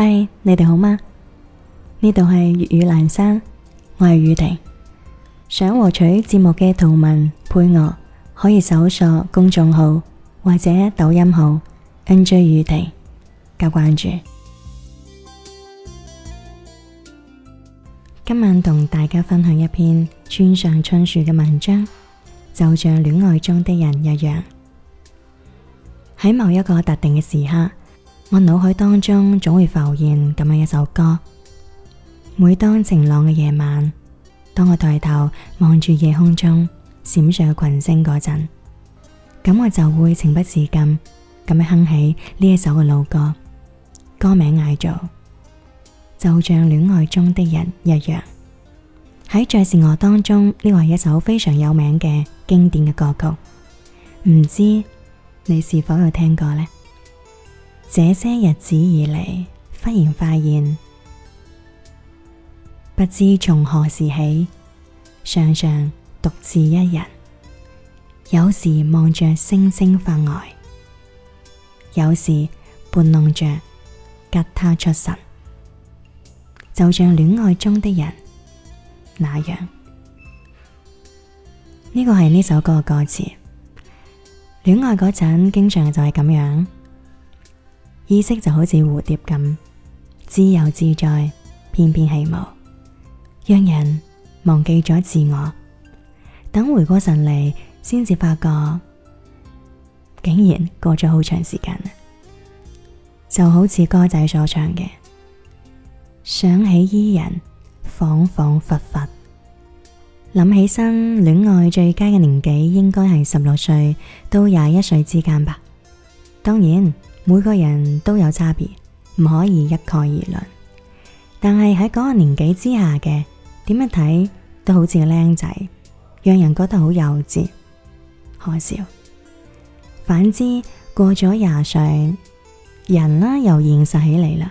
嗨，Hi, 你哋好嗎？呢度係粵語闌珊，我係宇婷。想獲取節目嘅圖文配樂，可以搜索公眾號或者抖音號 NJ 宇婷加關注。今晚同大家分享一篇《村上春樹》嘅文章，就像戀愛中的人一樣，喺某一個特定嘅時刻。我腦海當中總會浮現咁樣一首歌，每當晴朗嘅夜晚，當我抬頭望住夜空中閃爍嘅群星嗰陣，咁我就會情不自禁咁樣哼起呢一首嘅老歌，歌名嗌做，就像戀愛中的人一樣。喺爵士樂當中呢，係一首非常有名嘅經典嘅歌曲，唔知你是否有聽過呢？這些日子以嚟，忽然發現，不知從何時起，常常獨自一人，有時望着星星發呆，有時撥弄着吉他出神，就像戀愛中的人那樣。呢、呢個係呢首歌嘅歌詞。戀愛嗰陣，經常就係咁樣。意識就好似蝴蝶咁自由自在，翩翩起舞，讓人忘記咗自我。等回過神嚟，先至發覺，竟然過咗好長時間。就好似歌仔所唱嘅：想起伊人，恍恍惚惚。諗起身，戀愛最佳嘅年紀應該係十六歲到廿一歲之間吧。當然。每個人都有差別，唔可以一概而論。但係喺嗰個年紀之下嘅，點一睇都好似個靚仔，讓人覺得好幼稚、可笑。反之，過咗廿歲，人啦又現實起嚟啦。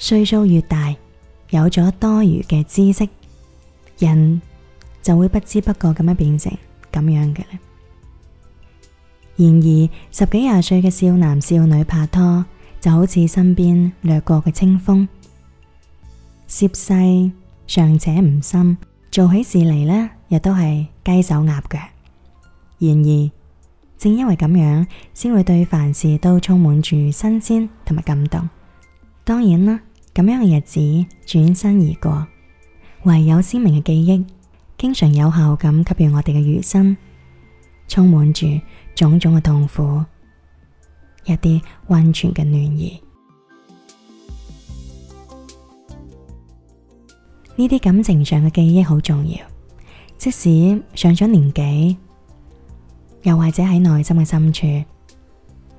歲數越大，有咗多餘嘅知識，人就會不知不覺咁樣變成咁樣嘅咧。然而，十幾廿歲嘅少男少女拍拖，就好似身邊掠過嘅清風，涉世尚且唔深，做起事嚟呢，亦都係雞手鴨腳。然而，正因為咁樣，先會對凡事都充滿住新鮮同埋感動。當然啦，咁樣嘅日子轉身而過，唯有鮮明嘅記憶，經常有效咁給予我哋嘅餘生，充滿住。種種嘅痛苦，一啲温存嘅暖意，呢啲感情上嘅記憶好重要。即使上咗年紀，又或者喺內心嘅深處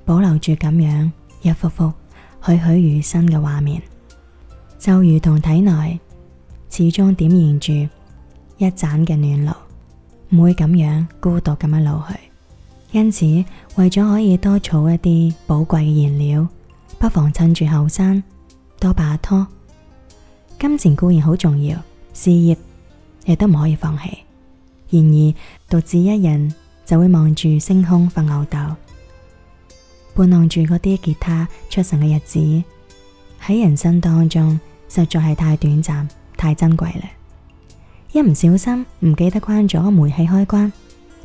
保留住咁樣一幅幅栩栩如生嘅畫面，就如同體內始終點燃住一盞嘅暖爐，唔會咁樣孤獨咁樣老去。因此，為咗可以多儲一啲寶貴嘅燃料，不妨趁住後生多把拖。金錢固然好重要，事業亦都唔可以放棄。然而，獨自一人就會望住星空發吽斗，撥弄住嗰啲吉他出神嘅日子，喺人生當中實在係太短暫、太珍貴啦！一唔小心唔記得關咗煤氣開關。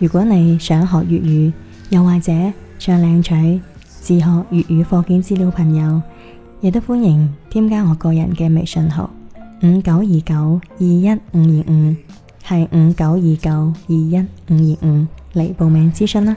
如果你想學粵語，又或者想領取自學粵語課件資料朋友亦都歡迎添加我個人嘅微信號五九二九二一五二五，係五九二九二一五二五嚟報名諮詢啦。